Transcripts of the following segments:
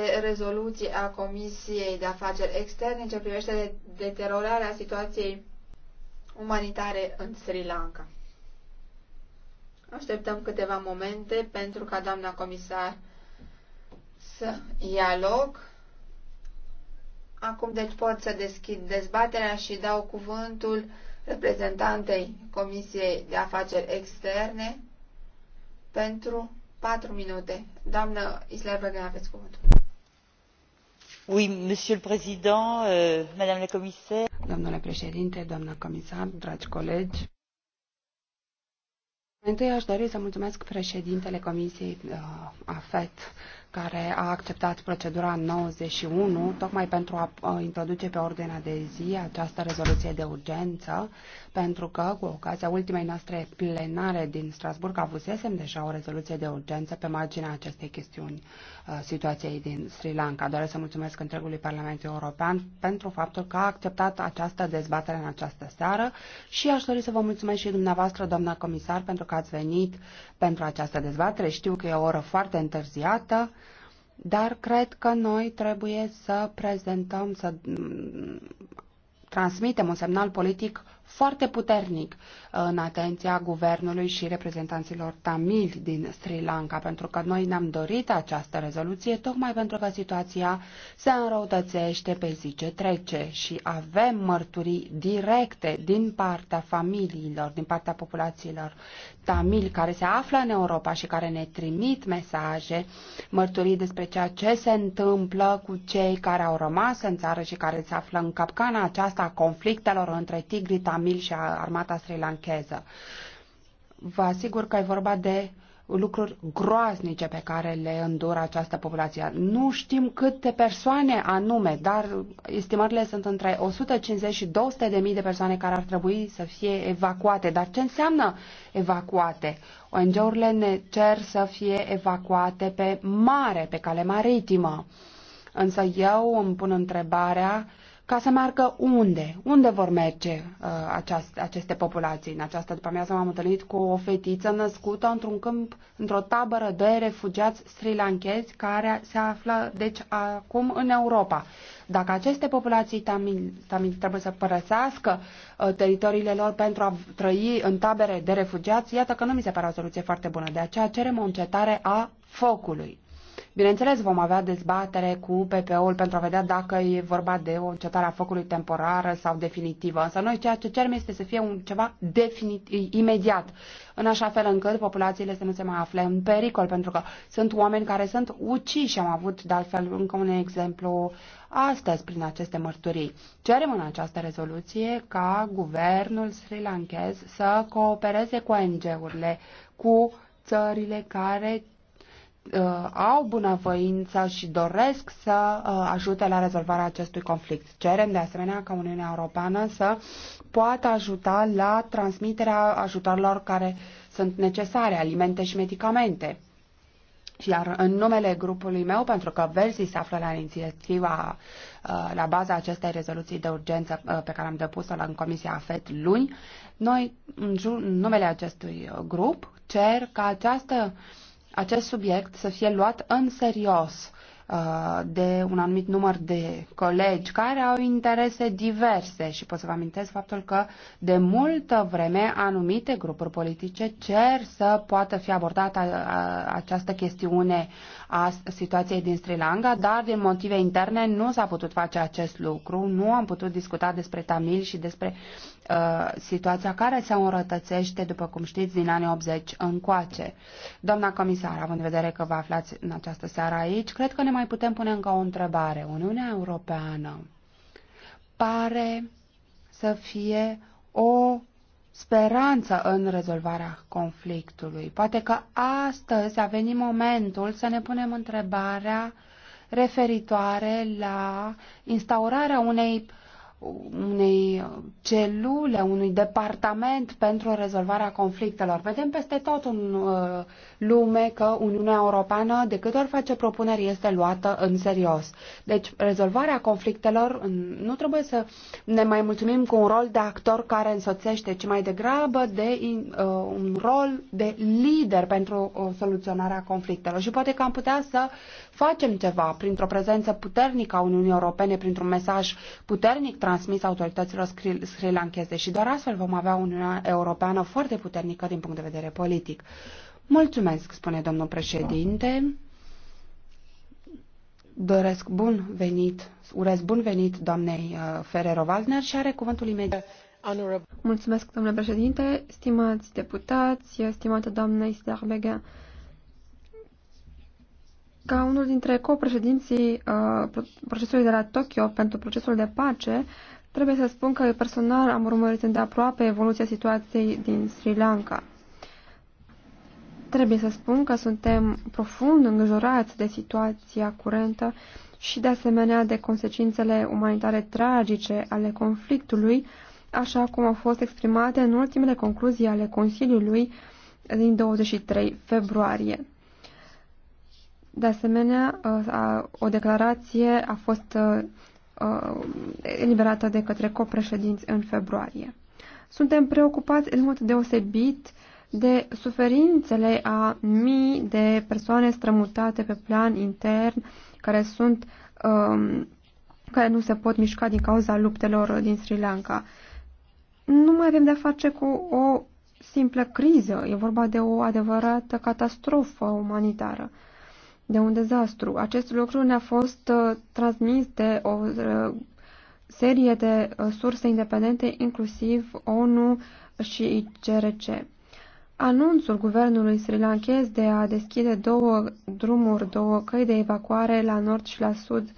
de rezoluție a Comisiei de Afaceri Externe în ce privește deteriorarea situației umanitare în Sri Lanka. Așteptăm câteva momente pentru ca doamna comisar să ia loc. Acum deci pot să deschid dezbaterea și dau cuvântul reprezentantei Comisiei de Afaceri Externe pentru 4 minute. Doamnă Isler Băgân, aveți cuvântul. Euh, domnule președinte doamnă comisar dragi colegi mai întâi aș dori să mulțumesc președintele comisiei uh, afet care a acceptat procedura 91 tocmai pentru a uh, introduce pe ordinea de zi această rezoluție de urgență pentru că cu ocazia ultimei noastre plenare din strasbourg avusesem deja o rezoluție de urgență pe marginea acestei chestiuni situației din Sri Lanka. Doresc să mulțumesc întregului Parlament European pentru faptul că a acceptat această dezbatere în această seară și aș dori să vă mulțumesc și dumneavoastră, doamna comisar, pentru că ați venit pentru această dezbatere. Știu că e o oră foarte întârziată, dar cred că noi trebuie să prezentăm, să mm, transmitem un semnal politic foarte puternic uh, în atenția guvernului și reprezentanților tamili din Sri Lanka, pentru că noi ne-am dorit această rezoluție tocmai pentru că situația se înrăutățește pe zi ce trece și avem mărturii directe din partea familiilor, din partea populațiilor tamili care se află în Europa și care ne trimit mesaje, mărturii despre ceea ce se întâmplă cu cei care au rămas în țară și care se află în capcana aceasta a conflictelor între tigrii tamili Tamil și armata sri sri-lancheză. Vă asigur că e vorba de lucruri groaznice pe care le îndură această populație. Nu știm câte persoane anume, dar estimările sunt între 150 și 200 de mii de persoane care ar trebui să fie evacuate. Dar ce înseamnă evacuate? ONG-urile ne cer să fie evacuate pe mare, pe cale maritimă. Însă eu îmi pun întrebarea ca să meargă unde, unde vor merge uh, aceast, aceste populații. În această după amiază m-am întâlnit cu o fetiță născută într-un câmp, într-o tabără de refugiați sri lankezi care se află deci acum în Europa. Dacă aceste populații tamil, tamil trebuie să părăsească uh, teritoriile lor pentru a trăi în tabere de refugiați, iată că nu mi se pare o soluție foarte bună. De aceea cerem o încetare a focului. Bineînțeles, vom avea dezbatere cu PPO-ul pentru a vedea dacă e vorba de o încetare a focului temporară sau definitivă. Însă noi ceea ce cerem este să fie un ceva definit imediat, în așa fel încât populațiile să nu se mai afle în pericol, pentru că sunt oameni care sunt uciși. Am avut, de altfel, încă un exemplu astăzi prin aceste mărturii. Cerem în această rezoluție ca guvernul sri lankez să coopereze cu ONG-urile, cu țările care uh, au bunăvoința și doresc să uh, ajute la rezolvarea acestui conflict. Cerem de asemenea ca Uniunea Europeană să poată ajuta la transmiterea ajutorilor care sunt necesare, alimente și medicamente. Și iar în numele grupului meu, pentru că Verzi se află la inițiativa, uh, la baza acestei rezoluții de urgență uh, pe care am depus-o în Comisia AFET luni, noi, în numele acestui grup, cer ca această uh, acest subiect să fie luat în serios uh, de un anumit număr de colegi care au interese diverse și pot să vă amintesc faptul că de multă vreme anumite grupuri politice cer să poată fi abordată uh, această chestiune a situației din Sri Lanka, dar din motive interne nu s-a putut face acest lucru, nu am putut discuta despre Tamil și despre Uh, situația care se înrătățește, după cum știți, din anii 80 încoace. Doamna comisar, având în vedere că vă aflați în această seară aici, cred că ne mai putem pune încă o întrebare. Uniunea Europeană pare să fie o speranță în rezolvarea conflictului. Poate că astăzi a venit momentul să ne punem întrebarea referitoare la instaurarea unei unei celule, unui departament pentru rezolvarea conflictelor. Vedem peste tot în uh, lume că Uniunea Europeană, de câte ori face propuneri, este luată în serios. Deci, rezolvarea conflictelor nu trebuie să ne mai mulțumim cu un rol de actor care însoțește, ci mai degrabă de uh, un rol de lider pentru uh, soluționarea conflictelor. Și poate că am putea să facem ceva printr-o prezență puternică a Uniunii Europene, printr-un mesaj puternic transmis autorităților sri, Lankese și doar astfel vom avea Uniunea Europeană foarte puternică din punct de vedere politic. Mulțumesc, spune domnul președinte. Doresc bun venit, urez bun venit doamnei uh, Ferrero-Waldner și are cuvântul imediat. Mulțumesc, domnule președinte, stimați deputați, stimată doamnă Isterbegan. Ca unul dintre copreședinții uh, procesului de la Tokyo pentru procesul de pace, trebuie să spun că personal am urmărit îndeaproape evoluția situației din Sri Lanka. Trebuie să spun că suntem profund îngrijorați de situația curentă și de asemenea de consecințele umanitare tragice ale conflictului, așa cum au fost exprimate în ultimele concluzii ale Consiliului din 23 februarie. De asemenea, uh, o declarație a fost uh, uh, eliberată de către copreședinți în februarie. Suntem preocupați în mod deosebit de suferințele a mii de persoane strămutate pe plan intern care sunt um, care nu se pot mișca din cauza luptelor din Sri Lanka. Nu mai avem de-a face cu o simplă criză, e vorba de o adevărată catastrofă umanitară de un dezastru. Acest lucru ne-a fost uh, transmis de o uh, serie de uh, surse independente, inclusiv ONU și CRC. Anunțul guvernului sri lankez de a deschide două drumuri, două căi de evacuare la nord și la sud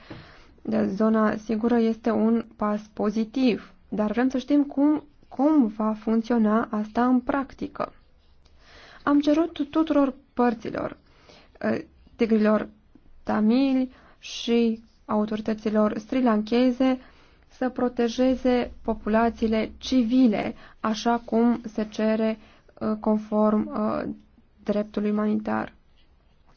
de zona sigură este un pas pozitiv, dar vrem să știm cum, cum va funcționa asta în practică. Am cerut tuturor părților tigrilor tamili și autorităților strilancheze să protejeze populațiile civile, așa cum se cere ă, conform ă, dreptului umanitar.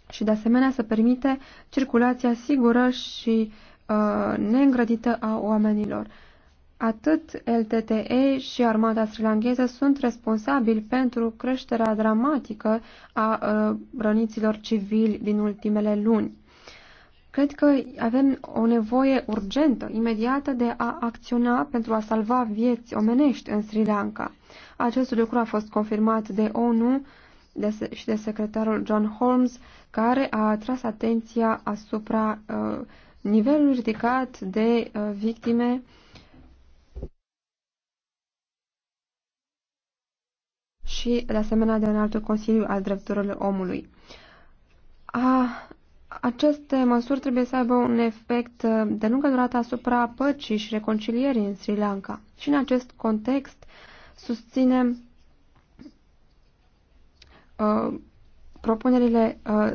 Și de asemenea să permite circulația sigură și ă, neîngrădită a oamenilor. Atât LTTE și armata srilangheză sunt responsabili pentru creșterea dramatică a ă, răniților civili din ultimele luni. Cred că avem o nevoie urgentă, imediată, de a acționa pentru a salva vieți omenești în Sri Lanka. Acest lucru a fost confirmat de ONU de, și de secretarul John Holmes, care a atras atenția asupra uh, nivelului ridicat de uh, victime uh, și, de asemenea, de înaltul Consiliu al Drepturilor Omului. A, aceste măsuri trebuie să aibă un efect uh, de lungă durată asupra păcii și reconcilierii în Sri Lanka. Și în acest context susținem uh, propunerile uh,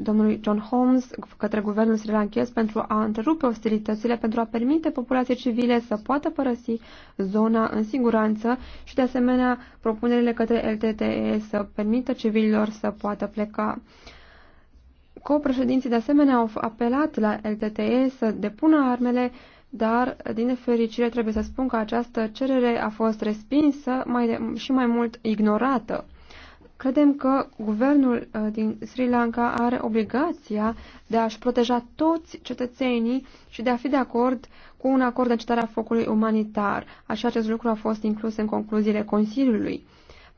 domnului John Holmes către guvernul sri Lankes pentru a întrerupe ostilitățile, pentru a permite populației civile să poată părăsi zona în siguranță și, de asemenea, propunerile către LTTE să permită civililor să poată pleca. co Co-președinții, de asemenea, au apelat la LTTE să depună armele dar, din nefericire, trebuie să spun că această cerere a fost respinsă mai de, și mai mult ignorată. Credem că guvernul uh, din Sri Lanka are obligația de a-și proteja toți cetățenii și de a fi de acord cu un acord de încetare a focului umanitar. Așa acest lucru a fost inclus în concluziile Consiliului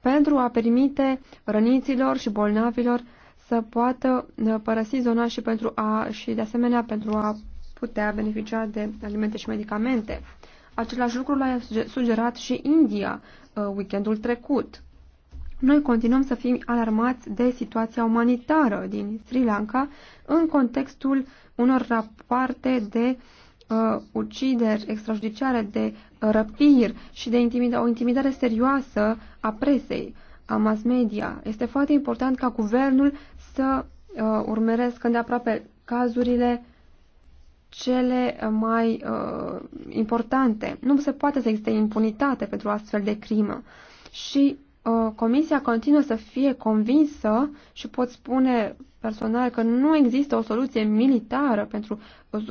pentru a permite răniților și bolnavilor să poată uh, părăsi zona și, pentru a, și de asemenea pentru a putea beneficia de alimente și medicamente. Același lucru l-a sugerat și India uh, weekendul trecut. Noi continuăm să fim alarmați de situația umanitară din Sri Lanka în contextul unor rapoarte de uh, ucideri extrajudiciare, de răpiri și de intimida o intimidare serioasă a presei, a mass media. Este foarte important ca guvernul să uh, urmăresc îndeaproape cazurile cele mai uh, importante. Nu se poate să existe impunitate pentru astfel de crimă. Și Uh, comisia continuă să fie convinsă și pot spune personal că nu există o soluție militară pentru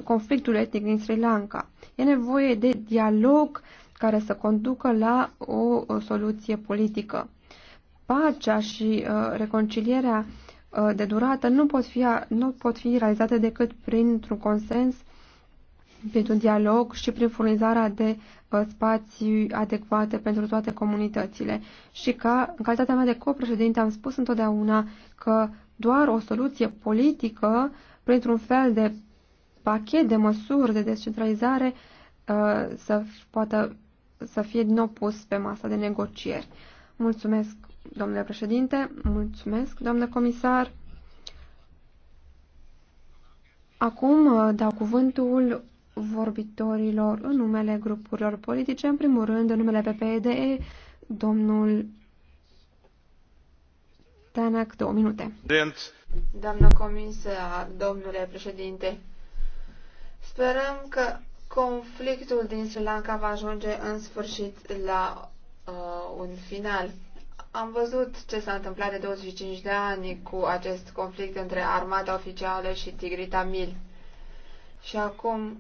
conflictul etnic din Sri Lanka. E nevoie de dialog care să conducă la o, soluție politică. Pacea și uh, reconcilierea uh, de durată nu pot, fi, nu pot fi realizate decât printr-un consens printr-un dialog și prin furnizarea de uh, spații adecvate pentru toate comunitățile. Și ca, în calitatea mea de copreședinte, am spus întotdeauna că doar o soluție politică, printr-un fel de pachet de măsuri de descentralizare, uh, să poată să fie din nou pus pe masa de negocieri. Mulțumesc, domnule președinte, mulțumesc, doamnă comisar. Acum uh, dau cuvântul vorbitorilor în numele grupurilor politice, în primul rând în numele PPEDE, domnul Tanak, două minute. Doamnă comisar, domnule președinte, sperăm că conflictul din Sri Lanka va ajunge în sfârșit la uh, un final. Am văzut ce s-a întâmplat de 25 de ani cu acest conflict între armata oficială și Tigrita Mil Și acum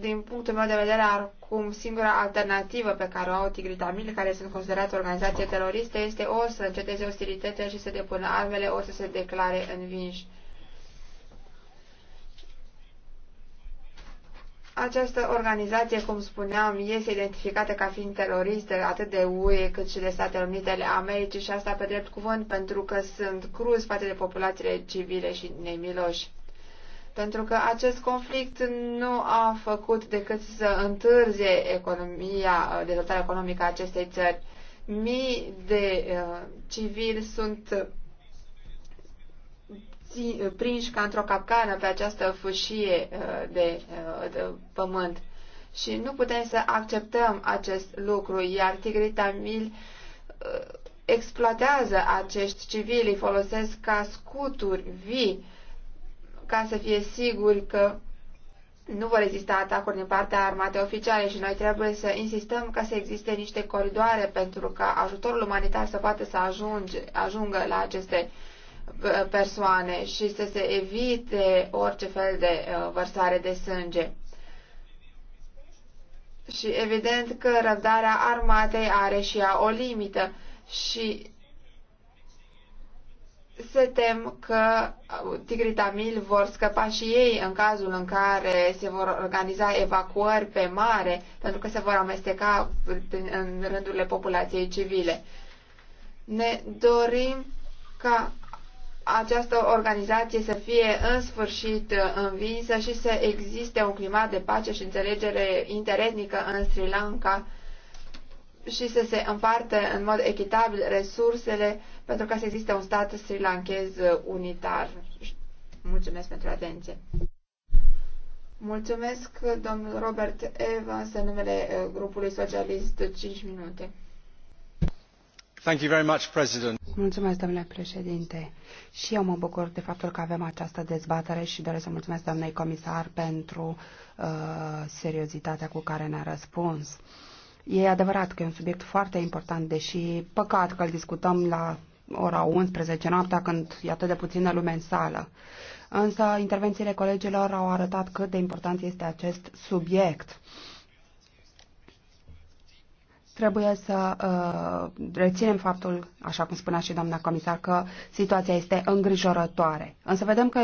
din punctul meu de vedere, acum singura alternativă pe care o au tigritamile, care sunt considerate organizație teroriste, este o să înceteze ostilitățile și să depună armele, o să se declare învinși. Această organizație, cum spuneam, este identificată ca fiind teroristă atât de UE cât și de Statele Unite ale Americii și asta pe drept cuvânt pentru că sunt cruzi față de populațiile civile și nemiloși pentru că acest conflict nu a făcut decât să întârzie economia, dezvoltarea economică a acestei țări. Mii de uh, civili sunt prinși ca într-o capcană pe această fâșie uh, de, uh, de pământ și nu putem să acceptăm acest lucru, iar tigrii tamil uh, exploatează acești civili, folosesc ca scuturi vii ca să fie siguri că nu vor exista atacuri din partea armatei oficiale și noi trebuie să insistăm ca să existe niște coridoare pentru ca ajutorul umanitar să poată să ajunge, ajungă la aceste persoane și să se evite orice fel de uh, vărsare de sânge. Și evident că răbdarea armatei are și ea o limită și se tem că uh, tigrii tamil vor scăpa și ei în cazul în care se vor organiza evacuări pe mare, pentru că se vor amesteca în rândurile populației civile. Ne dorim ca această organizație să fie în sfârșit uh, învinsă și să existe un climat de pace și înțelegere interetnică în Sri Lanka și să se împartă în mod echitabil resursele pentru ca să existe un stat sri lankez uh, unitar. Mulțumesc pentru atenție. Mulțumesc, uh, domnul Robert Evans, în numele uh, grupului socialist, 5 minute. Thank you very much, President. Mulțumesc, domnule președinte. Și eu mă bucur de faptul că avem această dezbatere și doresc să mulțumesc doamnei comisar pentru uh, seriozitatea cu care ne-a răspuns. E adevărat că e un subiect foarte important, deși păcat că îl discutăm la ora 11 noaptea când e atât de puțină lume în sală. Însă intervențiile colegilor au arătat cât de important este acest subiect. Trebuie să uh, reținem faptul, așa cum spunea și doamna comisar, că situația este îngrijorătoare. Însă vedem că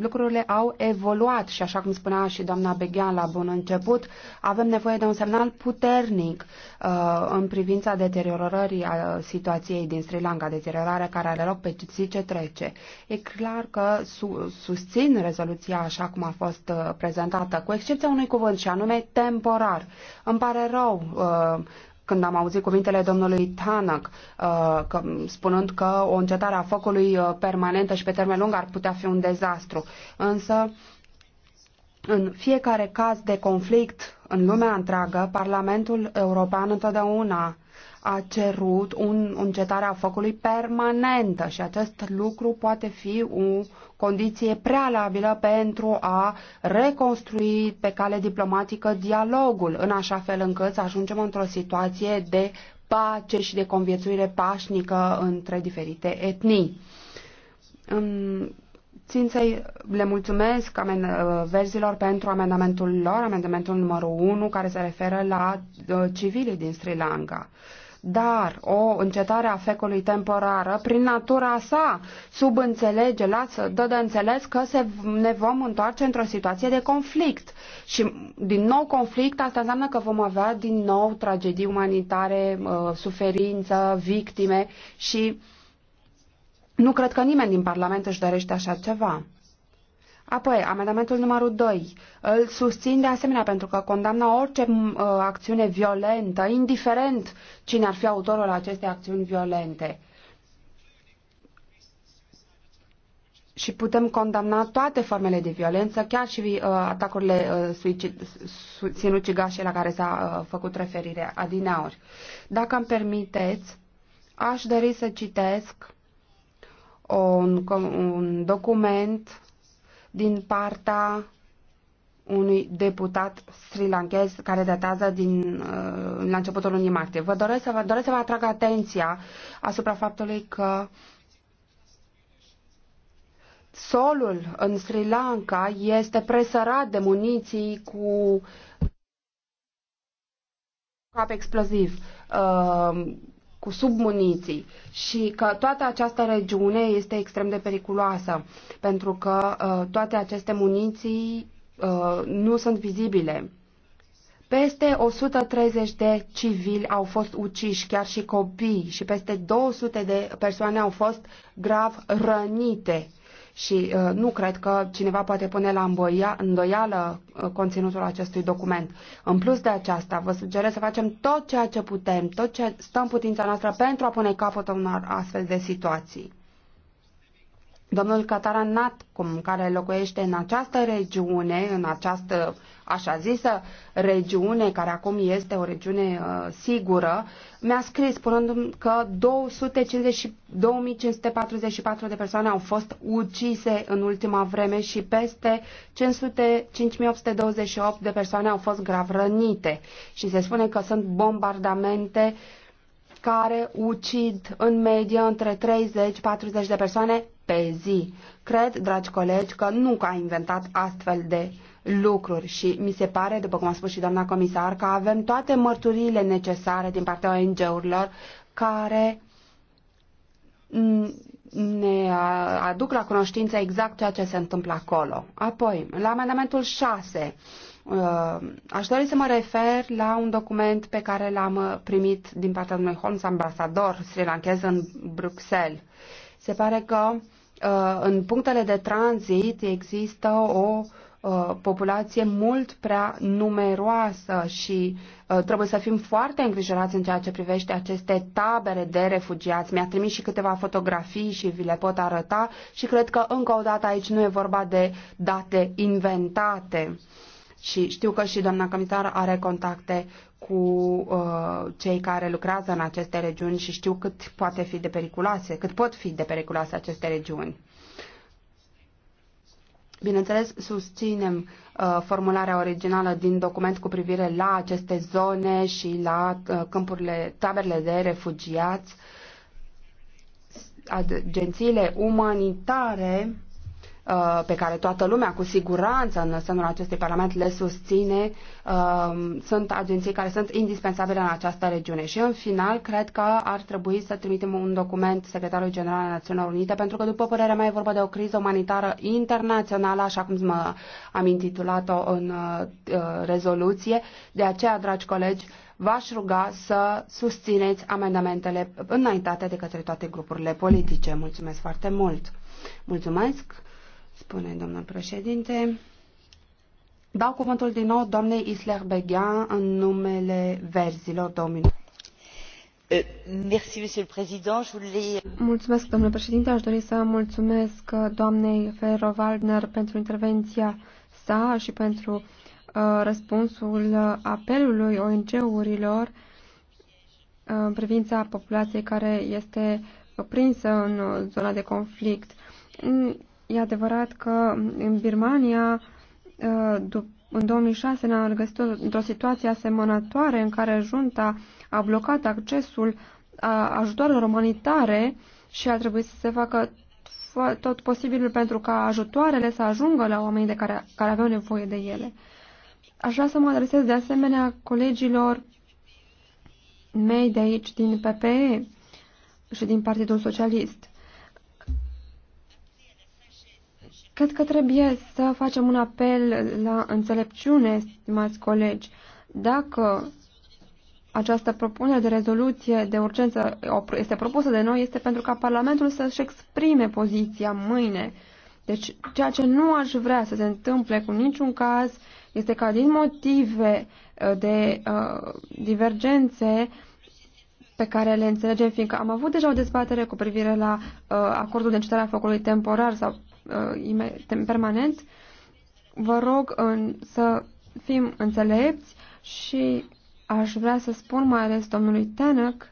lucrurile au evoluat și, așa cum spunea și doamna Beghean la bun început, avem nevoie de un semnal puternic uh, în privința deteriorării a uh, situației din Sri Lanka, deteriorarea care are loc pe zi ce trece. E clar că su- susțin rezoluția așa cum a fost uh, prezentată, cu excepția unui cuvânt și anume temporar. Îmi pare rău. Uh, când am auzit cuvintele domnului Tanak, uh, că, spunând că o încetare a focului uh, permanentă și pe termen lung ar putea fi un dezastru. Însă, în fiecare caz de conflict în lumea întreagă, Parlamentul European întotdeauna a cerut un, încetare a focului permanentă și acest lucru poate fi un, condiție prealabilă pentru a reconstrui pe cale diplomatică dialogul, în așa fel încât să ajungem într-o situație de pace și de conviețuire pașnică între diferite etnii. Țin să le mulțumesc verzilor pentru amendamentul lor, amendamentul numărul 1, care se referă la uh, civilii din Sri Lanka. Dar o încetare a fecului temporară, prin natura sa, înțelege, lasă, dă de înțeles că se, ne vom întoarce într-o situație de conflict. Și din nou conflict, asta înseamnă că vom avea din nou tragedii umanitare, uh, suferință, victime și nu cred că nimeni din Parlament își dorește așa ceva. Apoi, amendamentul numărul 2. Îl susțin de asemenea pentru că condamna orice uh, acțiune violentă, indiferent cine ar fi autorul acestei acțiuni violente. Și putem condamna toate formele de violență, chiar și uh, atacurile uh, sinucigașe la care s-a uh, făcut referire adineauri. Dacă îmi permiteți, aș dori să citesc un, un document din partea unui deputat sri lankez care datează din uh, la începutul lunii martie. Vă doresc să vă, doresc să vă atrag atenția asupra faptului că solul în Sri Lanka este presărat de muniții cu cap exploziv. Uh, cu submuniții și că toată această regiune este extrem de periculoasă pentru că uh, toate aceste muniții uh, nu sunt vizibile. Peste 130 de civili au fost uciși, chiar și copii, și peste 200 de persoane au fost grav rănite și uh, nu cred că cineva poate pune la îndoia, îndoială uh, conținutul acestui document. În plus de aceasta, vă sugerez să facem tot ceea ce putem, tot ce stă în putința noastră pentru a pune capăt unor astfel de situații. Domnul Cataran cum care locuiește în această regiune, în această așa zisă regiune, care acum este o regiune uh, sigură, mi-a scris spunând că 250, 2544 de persoane au fost ucise în ultima vreme și peste 5828 de persoane au fost grav rănite. Și se spune că sunt bombardamente care ucid în medie între 30-40 de persoane pe zi. Cred, dragi colegi, că nu a inventat astfel de lucruri și mi se pare, după cum a spus și doamna comisar, că avem toate mărturiile necesare din partea ONG-urilor care ne aduc la cunoștință exact ceea ce se întâmplă acolo. Apoi, la amendamentul 6, uh, aș dori să mă refer la un document pe care l-am primit din partea domnului Holmes, ambasador sri lankez în Bruxelles. Se pare că uh, în punctele de tranzit există o uh, populație mult prea numeroasă și uh, trebuie să fim foarte îngrijorați în ceea ce privește aceste tabere de refugiați. Mi-a trimis și câteva fotografii și vi le pot arăta și cred că încă o dată aici nu e vorba de date inventate. Uh, și știu că și doamna comisar are contacte cu uh, cei care lucrează în aceste regiuni și știu cât poate fi de periculoase, cât pot fi de periculoase aceste regiuni. Bineînțeles, susținem uh, formularea originală din document cu privire la aceste zone și la uh, câmpurile, taberele de refugiați. Agențiile umanitare Uh, pe care toată lumea cu siguranță în sânul acestui parlament le susține uh, sunt agenții care sunt indispensabile în această regiune. Și în final, cred că ar trebui să trimitem un document secretarului general al Națiunilor Unite, pentru că, după părerea mea, e vorba de o criză umanitară internațională, așa cum am intitulat-o în uh, rezoluție. De aceea, dragi colegi, v-aș ruga să susțineți amendamentele înaintate de către toate grupurile politice. Mulțumesc foarte mult! Mulțumesc! spune domnul președinte. Dau cuvântul din nou doamnei Isler Beghean în numele verzilor domnului. Euh, mulțumesc, domnule președinte. Aș dori să mulțumesc uh, doamnei Ferro-Waldner pentru intervenția sa și pentru uh, răspunsul apelului ONG-urilor uh, în privința populației care este prinsă în zona de conflict E adevărat că în Birmania, uh, în 2006, ne-am găsit într-o situație asemănătoare în care junta a blocat accesul a ajutoarelor umanitare și a trebuit să se facă tot posibilul pentru ca ajutoarele să ajungă la oamenii de care, care aveau nevoie de ele. Aș vrea să mă adresez de asemenea colegilor mei de aici, din PPE și din Partidul Socialist. Cred că trebuie să facem un apel la înțelepciune, stimați colegi. Dacă această propunere de rezoluție de urgență este propusă de noi, este pentru ca Parlamentul să-și exprime poziția mâine. Deci, ceea ce nu aș vrea să se întâmple cu niciun caz este ca din motive uh, de uh, divergențe pe care le înțelegem, fiindcă am avut deja o dezbatere cu privire la uh, acordul de încetare a focului temporar sau Uh, permanent. Vă rog în, să fim înțelepți și aș vrea să spun mai ales domnului Tenăc,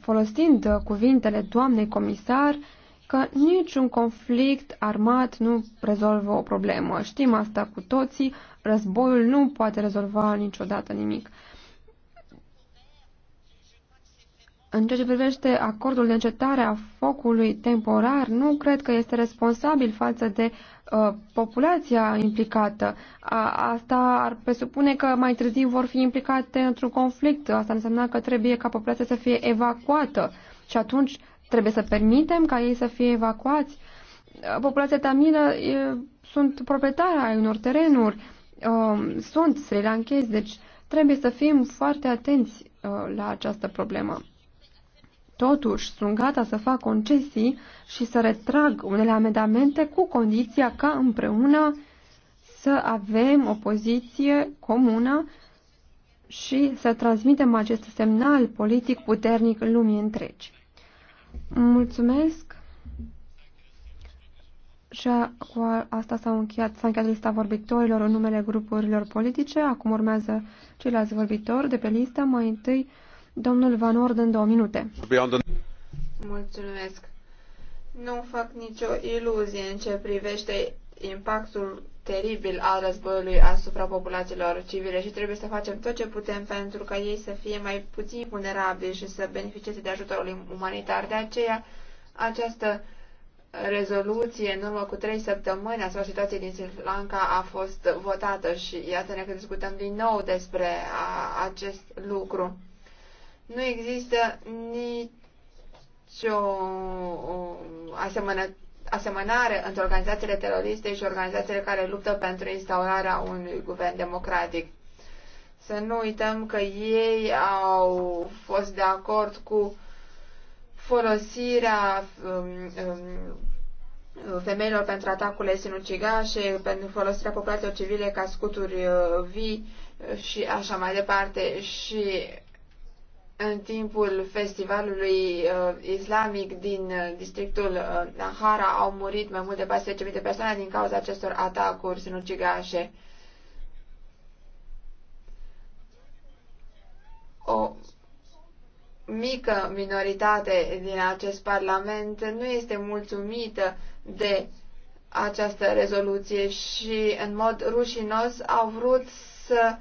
folosind uh, cuvintele doamnei comisar, că niciun conflict armat nu rezolvă o problemă. Știm asta cu toții, războiul nu poate rezolva niciodată nimic. În ceea ce privește acordul de încetare a focului temporar, nu cred că este responsabil față de uh, populația implicată. A, asta ar presupune că mai târziu vor fi implicate într-un conflict. Asta înseamnă că trebuie ca populația să fie evacuată și atunci trebuie să permitem ca ei să fie evacuați. Uh, populația tamilă e, sunt proprietari ai unor terenuri, uh, sunt sri lankezi, deci trebuie să fim foarte atenți uh, la această problemă. Totuși, sunt gata să fac concesii și să retrag unele amendamente cu condiția ca împreună să avem o poziție comună și să transmitem acest semnal politic puternic în lumii întregi. Mulțumesc! Și cu asta s-a încheiat, încheiat lista vorbitorilor în numele grupurilor politice. Acum urmează ceilalți vorbitori de pe listă. Mai întâi Domnul Van Orden, două minute. Mulțumesc. Nu fac nicio iluzie în ce privește impactul teribil al războiului asupra populațiilor civile și trebuie să facem tot ce putem pentru ca ei să fie mai puțin vulnerabili și să beneficieze de ajutorul umanitar. De aceea, această rezoluție în urmă cu trei săptămâni asupra situației din Sri Lanka a fost votată și iată-ne că discutăm din nou despre a, acest lucru nu există nicio asemănă, asemănare între organizațiile teroriste și organizațiile care luptă pentru instaurarea unui guvern democratic. Să nu uităm că ei au fost de acord cu folosirea um, um, femeilor pentru atacurile sinucigașe, pentru folosirea populației civile ca scuturi uh, vii și așa mai departe. Și în timpul festivalului uh, islamic din uh, districtul uh, Nahara au murit mai mult de 14.000 de persoane din cauza acestor atacuri sinucigașe. O mică minoritate din acest parlament nu este mulțumită de această rezoluție și în mod rușinos au vrut să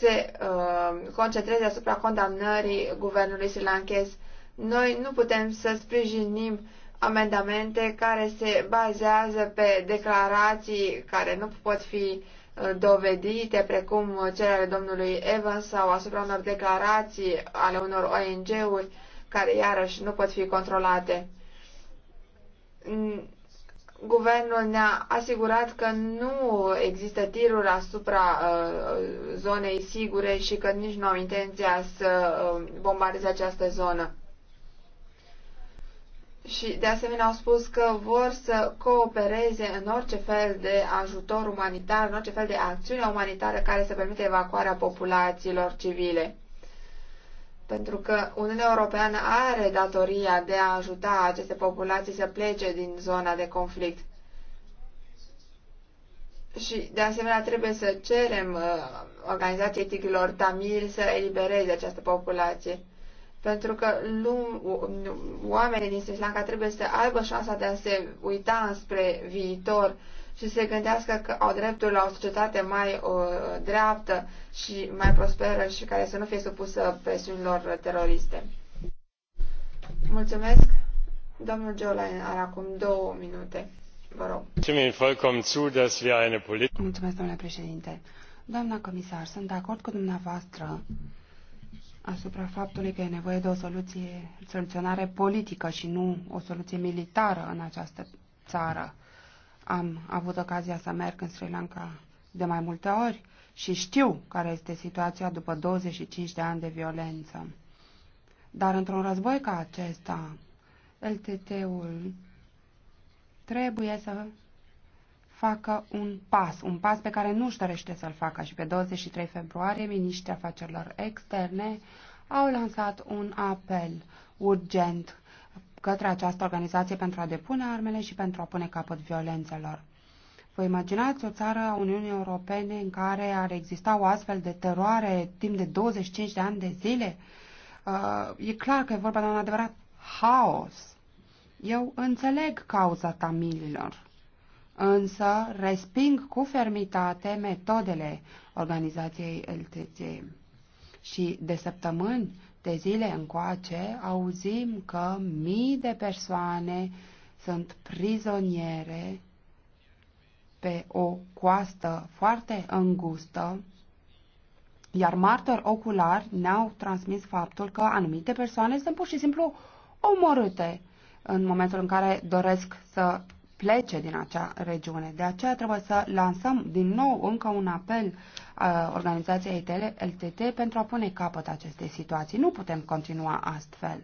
se uh, concentreze asupra condamnării guvernului sri lankez. Noi nu putem să sprijinim amendamente care se bazează pe declarații care nu pot fi uh, dovedite, precum cele ale domnului Evans sau asupra unor declarații ale unor ONG-uri care iarăși nu pot fi controlate Guvernul ne-a asigurat că nu există tiruri asupra uh, zonei sigure și că nici nu au intenția să uh, bombardeze această zonă. Și de asemenea au spus că vor să coopereze în orice fel de ajutor umanitar, în orice fel de acțiune umanitară care să permită evacuarea populațiilor civile pentru că Uniunea Europeană are datoria de a ajuta aceste populații să plece din zona de conflict. Și, de asemenea, trebuie să cerem uh, organizației tigrilor tamil să elibereze această populație. Pentru că oamenii din Sri Lanka trebuie să aibă șansa de a se uita înspre viitor și se gândească că au dreptul la o societate mai o, uh, dreaptă și mai prosperă și care să nu fie supusă presiunilor teroriste. Mulțumesc. Domnul Jolain are acum două minute. Vă rog. Mulțumesc, domnule președinte. Doamna comisar, sunt de acord cu dumneavoastră asupra faptului că e nevoie de o soluție, soluționare politică și nu o soluție militară în această țară. Am avut ocazia să merg în Sri Lanka de mai multe ori și știu care este situația după 25 de ani de violență. Dar într-un război ca acesta, LTT-ul trebuie să facă un pas, un pas pe care nu și dorește să-l facă și pe 23 februarie ministrii afacerilor externe au lansat un apel urgent către această organizație pentru a depune armele și pentru a pune capăt violențelor. Vă imaginați o țară a Uniunii Europene în care ar exista o astfel de teroare timp de 25 de ani de zile? Uh, e clar că e vorba de un adevărat haos. Eu înțeleg cauza tamililor, însă resping cu fermitate metodele organizației LTC. Și de săptămâni de zile încoace auzim că mii de persoane sunt prizoniere pe o coastă foarte îngustă, iar martori oculari ne-au transmis faptul că anumite persoane sunt pur și simplu omorâte în momentul în care doresc să plece din acea regiune. De aceea trebuie să lansăm din nou încă un apel a uh, organizației LTT pentru a pune capăt acestei situații. Nu putem continua astfel.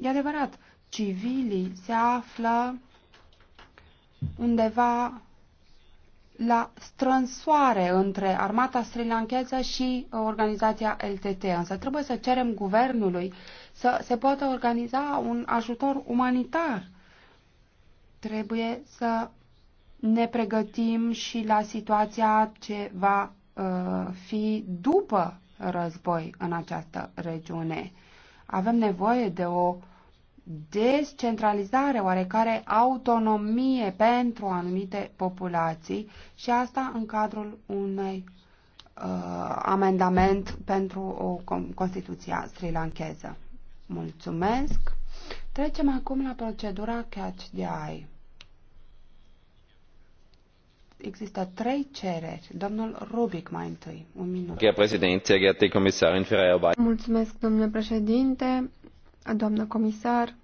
E adevărat, civilii se află undeva la strânsoare între armata strilancheză și uh, organizația LTT, însă trebuie să cerem guvernului să se poată organiza un ajutor umanitar Trebuie să ne pregătim și la situația ce va uh, fi după război în această regiune. Avem nevoie de o descentralizare, oarecare autonomie pentru anumite populații și asta în cadrul unui uh, amendament pentru o Constituție sri lankeză. Mulțumesc! Trecem acum la procedura catch the eye există trei cereri. Domnul Rubic mai întâi, un minut. Mulțumesc, domnule președinte, doamnă comisar,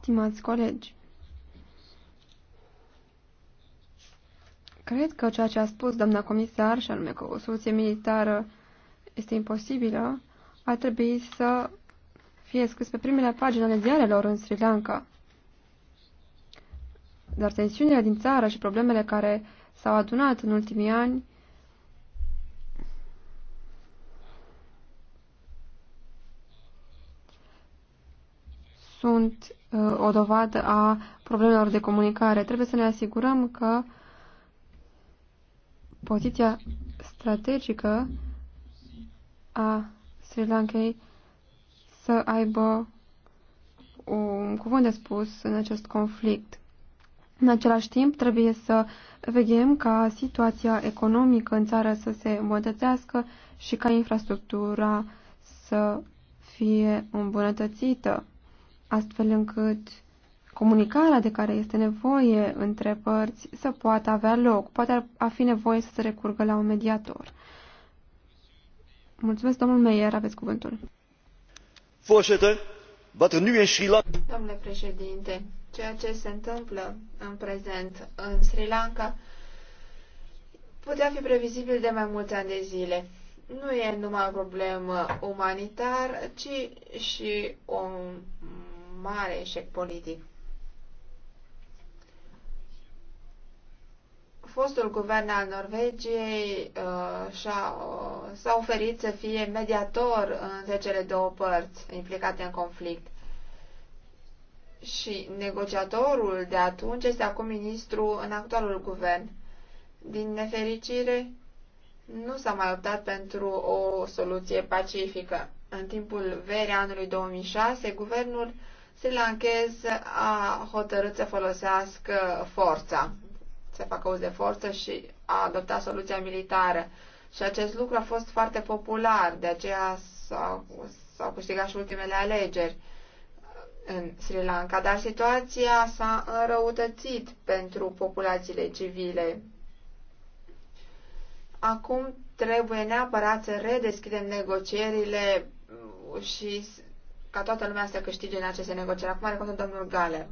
stimați colegi. Cred că ceea ce a spus doamna comisar, și anume că o soluție militară este imposibilă, ar trebui să fie scris pe primele pagini ale ziarelor în Sri Lanka. Dar tensiunile din țară și problemele care s-au adunat în ultimii ani sunt uh, o dovadă a problemelor de comunicare. Trebuie să ne asigurăm că poziția strategică a Sri Lankei să aibă un cuvânt de spus în acest conflict. În același timp, trebuie să vedem ca situația economică în țară să se îmbunătățească și ca infrastructura să fie îmbunătățită, astfel încât comunicarea de care este nevoie între părți să poată avea loc. Poate a fi nevoie să se recurgă la un mediator. Mulțumesc, domnul Meier, aveți cuvântul. Er nu Sri Lanka... Domnule președinte, ceea ce se întâmplă în prezent în Sri Lanka putea fi previzibil de mai mulți ani de zile. Nu e numai o problemă umanitar, ci și un mare eșec politic. Fostul guvern al Norvegiei uh, uh s-a uh, oferit să fie mediator între cele două părți implicate în conflict și negociatorul de atunci este acum ministru în actualul guvern. Din nefericire, nu s-a mai optat pentru o soluție pacifică. În timpul verii anului 2006, guvernul sri lanchez a hotărât să folosească forța, să facă uz de forță și a adoptat soluția militară. Și acest lucru a fost foarte popular, de aceea s-au câștigat și ultimele alegeri în Sri Lanka, dar situația s-a înrăutățit pentru populațiile civile. Acum trebuie neapărat să redeschidem negocierile și ca toată lumea să câștige în aceste negocieri. Acum are cuvântul domnul Gale.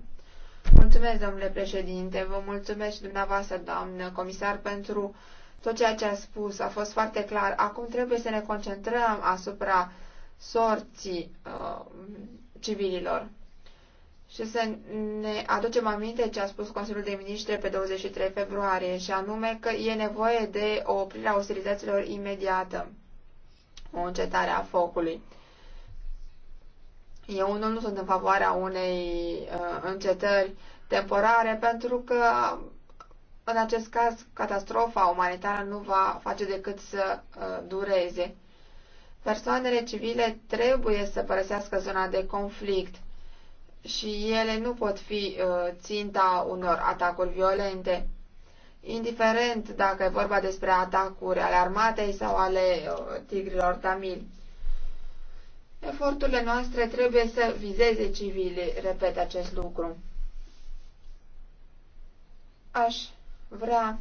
Mulțumesc, domnule președinte, vă mulțumesc și dumneavoastră, doamnă comisar, pentru tot ceea ce a spus. A fost foarte clar. Acum trebuie să ne concentrăm asupra sorții uh, civililor și să ne aducem aminte ce a spus Consiliul de Ministri pe 23 februarie, și anume că e nevoie de o oprire a ostilităților imediată, o încetare a focului. Eu unul nu sunt în favoarea unei uh, încetări temporare, pentru că în acest caz catastrofa umanitară nu va face decât să uh, dureze. Persoanele civile trebuie să părăsească zona de conflict și ele nu pot fi uh, ținta unor atacuri violente. Indiferent dacă e vorba despre atacuri ale armatei sau ale uh, tigrilor tamili. Eforturile noastre trebuie să vizeze civilii, repet acest lucru. Aș vrea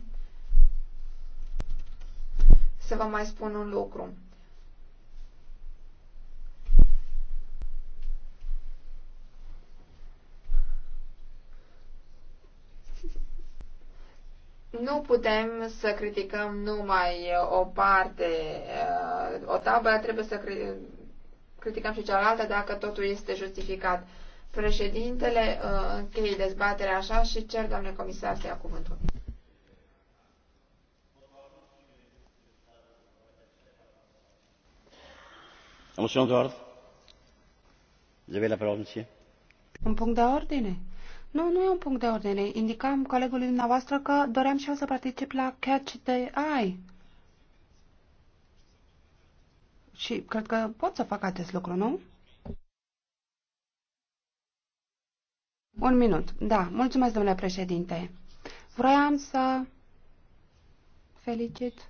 să vă mai spun un lucru. nu putem să criticăm numai o parte, o tabără, trebuie să criticăm și cealaltă dacă totul este justificat. Președintele încheie dezbaterea așa și cer, doamne comisar, să ia cuvântul. Un punct de ordine. Nu, nu e un punct de ordine. Indicam colegului dumneavoastră că doream și eu să particip la Catch the Eye. Și cred că pot să fac acest lucru, nu? Un minut. Da, mulțumesc, domnule președinte. Vroiam să felicit.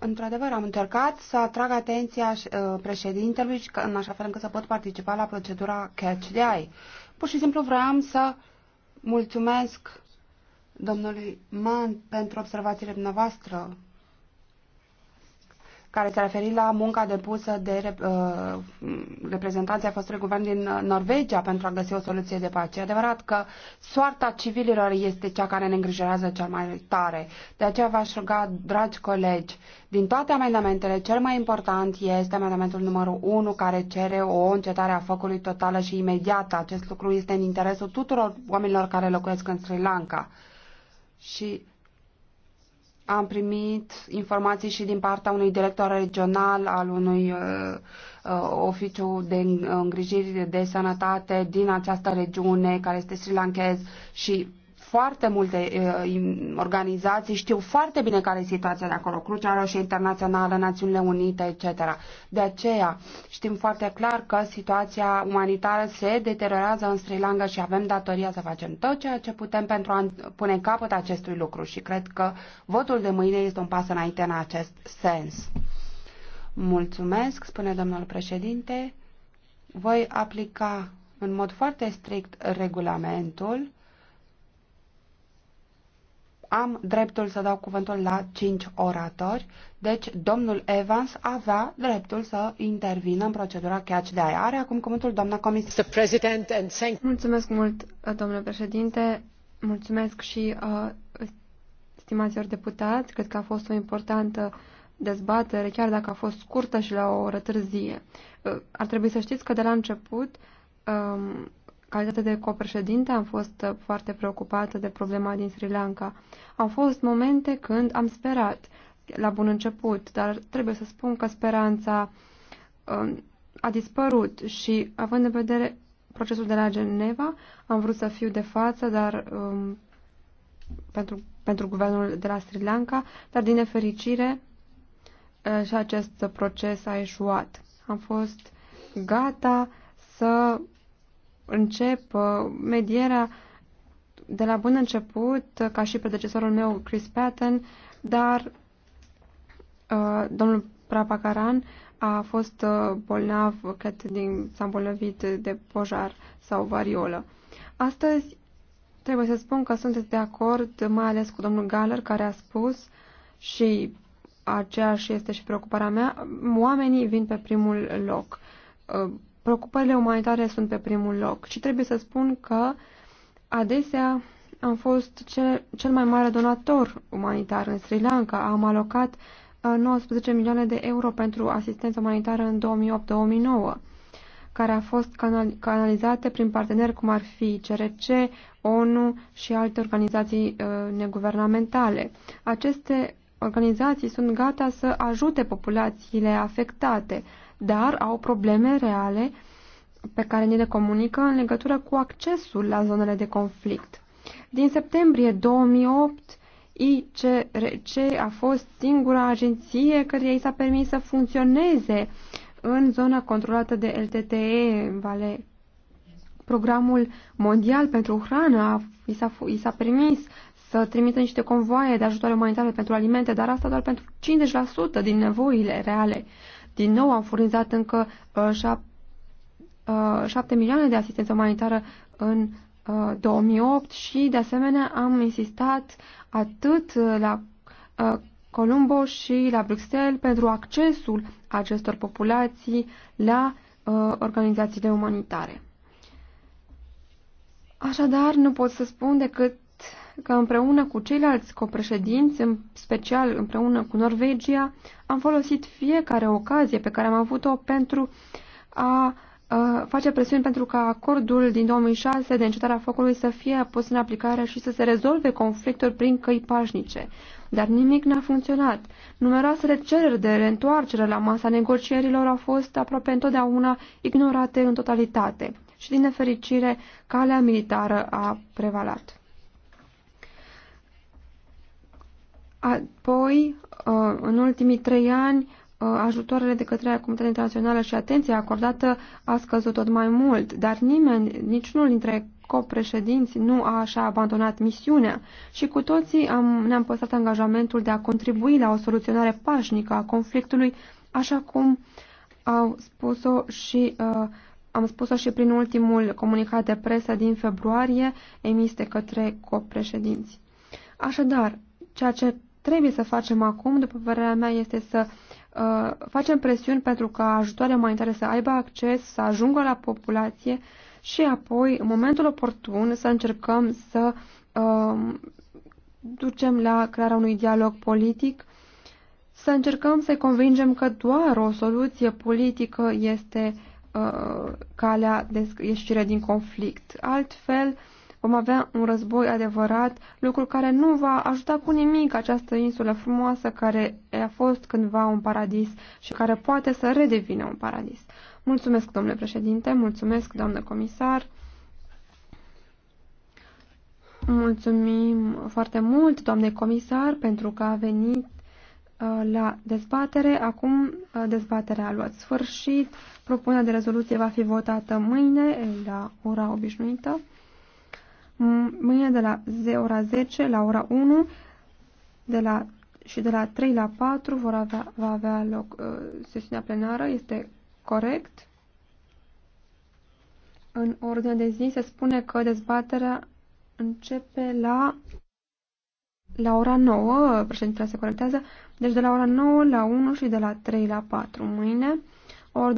Într-adevăr, am încercat să atrag atenția uh, președintelui în așa fel încât să pot participa la procedura Catch the Eye. Pur și simplu vreau să mulțumesc domnului Mann pentru observațiile dumneavoastră care se referi la munca depusă de uh, reprezentanții fostului guvern din Norvegia pentru a găsi o soluție de pace. E adevărat că soarta civililor este cea care ne îngrijorează cel mai tare. De aceea v-aș ruga, dragi colegi, din toate amendamentele, cel mai important este amendamentul numărul 1 care cere o încetare a focului totală și imediată. Acest lucru este în interesul tuturor oamenilor care locuiesc în Sri Lanka. Și am primit informații și din partea unui director regional al unui uh, uh, oficiu de îngrijiri de sănătate din această regiune, care este sri lankez și foarte multe uh, organizații știu foarte bine care e situația de acolo, Crucea Roșie Internațională, Națiunile Unite, etc. De aceea știm foarte clar că situația umanitară se deteriorează în Sri Lanka și avem datoria să facem tot ceea ce putem pentru a pune capăt acestui lucru și cred că votul de mâine este un pas înainte în acest sens. Mulțumesc, spune domnul președinte. Voi aplica în mod foarte strict regulamentul am dreptul să dau cuvântul la cinci oratori, deci domnul Evans avea dreptul să intervină în procedura catch de aia. Are acum cuvântul doamna comisar. Mulțumesc mult, domnule președinte. Mulțumesc și uh, stimaților deputați. Cred că a fost o importantă dezbatere, chiar dacă a fost scurtă și la o oră târzie. Uh, ar trebui să știți că de la început um, calitate de copreședinte am fost foarte preocupată de problema din Sri Lanka. Au fost momente când am sperat la bun început, dar trebuie să spun că speranța um, a dispărut și având în vedere procesul de la Geneva, am vrut să fiu de față, dar um, pentru, pentru guvernul de la Sri Lanka, dar din nefericire uh, și acest proces a eșuat. Am fost gata să încep uh, medierea de la bun început, uh, ca și predecesorul meu, Chris Patton, dar uh, domnul Prapakaran a fost bolnav, cred, din, s-a îmbolnăvit de pojar sau variolă. Astăzi trebuie să spun că sunteți de acord, mai ales cu domnul Galler, care a spus și aceeași este și preocuparea mea, oamenii vin pe primul loc preocupările umanitare sunt pe primul loc și trebuie să spun că adesea am fost cel, cel mai mare donator umanitar în Sri Lanka. Am alocat 19 uh, milioane de euro pentru asistență umanitară în 2008-2009, care a fost canalizate prin parteneri cum ar fi CRC, ONU și alte organizații uh, neguvernamentale. Aceste organizații sunt gata să ajute populațiile afectate. Uh, dar au probleme reale pe care ni le comunică în legătură cu accesul la zonele de conflict. Din septembrie 2008, ICRC a fost singura agenție care i s-a permis să funcționeze în zona controlată de LTTE, Vale. Programul Mondial pentru Hrană i s-a permis să trimită niște convoaie de ajutoare umanitare pentru alimente, dar asta doar pentru 50% din nevoile reale. Din nou am furnizat încă uh, șap, uh, șapte milioane de asistență umanitară în uh, 2008 și, de asemenea, am insistat atât la uh, Colombo și la Bruxelles pentru accesul acestor populații la uh, organizațiile umanitare. Așadar, nu pot să spun decât că împreună cu ceilalți copreședinți, în special împreună cu Norvegia, am folosit fiecare ocazie pe care am avut-o pentru a face presiuni pentru ca acordul din 2006 de încetarea focului să fie pus în aplicare și să se rezolve conflictul prin căi pașnice. Dar nimic n-a funcționat. Numeroasele cereri de reîntoarcere la masa negocierilor au fost aproape întotdeauna ignorate în totalitate și, din nefericire, calea militară a prevalat. Apoi, uh, în ultimii trei ani, uh, ajutoarele de către comunitatea internațională și atenția acordată a scăzut tot mai mult, dar nimeni, niciunul dintre copreședinți nu a așa abandonat misiunea și cu toții am, ne-am păstrat angajamentul de a contribui la o soluționare pașnică a conflictului, așa cum au spus-o și uh, am spus-o și prin ultimul comunicat de presă din februarie emis de către copreședinți. Așadar, ceea ce trebuie să facem acum, după părerea mea, este să uh, facem presiuni pentru ca ajutoare umanitare să aibă acces, să ajungă la populație și apoi, în momentul oportun, să încercăm să uh, ducem la crearea unui dialog politic, să încercăm să-i convingem că doar o soluție politică este uh, calea de ieșire din conflict. Altfel, uh, Vom avea un război adevărat, lucru care nu va ajuta cu nimic această insulă frumoasă care a fost cândva un paradis și care poate să redevină un paradis. Mulțumesc, domnule președinte, mulțumesc, doamnă comisar. Mulțumim foarte mult, doamne comisar, pentru că a venit uh, la dezbatere. Acum uh, dezbaterea a luat sfârșit. Propunerea de rezoluție va fi votată mâine la ora obișnuită mâine de la ora 10 la ora 1 de la, și de la 3 la 4 vor avea, va avea loc uh, sesiunea plenară. Este corect? În ordine de zi se spune că dezbaterea începe la la ora 9, președintele se corectează, deci de la ora 9 la 1 și de la 3 la 4 mâine.